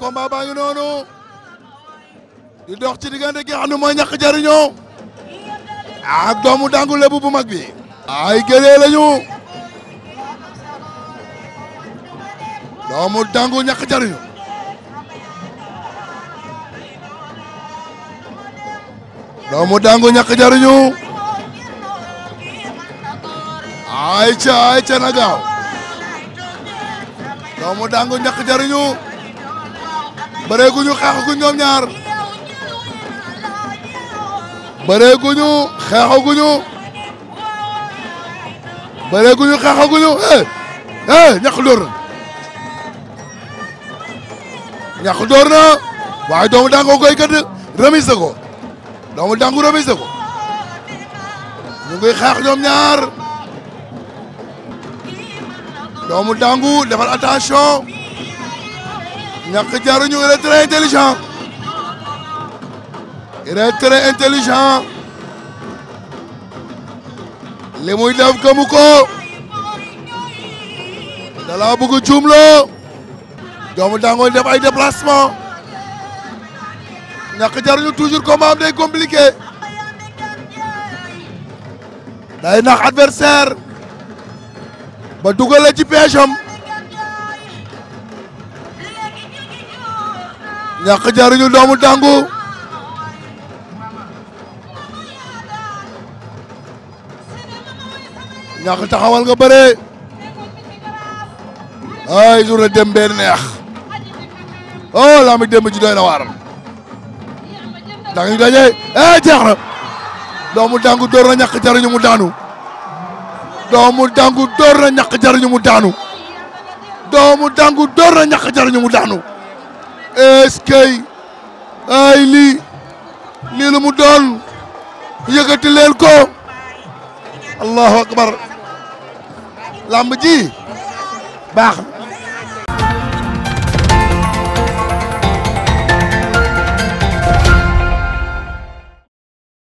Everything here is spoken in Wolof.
waaw combat ngi noonu di dox ci diggante ki xam ne mooy ñàkk jariñoo ak doomu dangu lebu bu mag bi ay gëlee lañu doomu dangu ñàkk a doomu dangu ñàkk jariñu doomu dangu ñàkk bëreeguñu xeexaguñ ñoom ñaar bëreeguñu xeexaguñu bëreeguñu xeexaguñu eh eh ñàkk door na ñàkk door na waaye doomu dango koy gëdd remise ko doomu dangu remise ko ñu ngi xeex ñoom ñaar doomu dangu defal attention. très intelligent. il est très intelligent il est très intelligent Les muy def de ko da la bëgg a jumloo doomu Il def ay déplacement toujours intelligent. Il compliqué day adversaire ba ñàkk jariñu doomu tàngu ñàkk taxawal nga bëree ay journée dem bee neex oh laa mi dem ji doy na waar da ngi daje eh jeex na doomu tàngu door na ñàkk jariñu mu daanu doomu tàngu door na ñàkk jariñu mu daanu doomu tàngu door na ñàkk jariñu mu daanu eskay ay lii lii lu mu doon yëkkati leen ko allahu akbar lamb ji baax na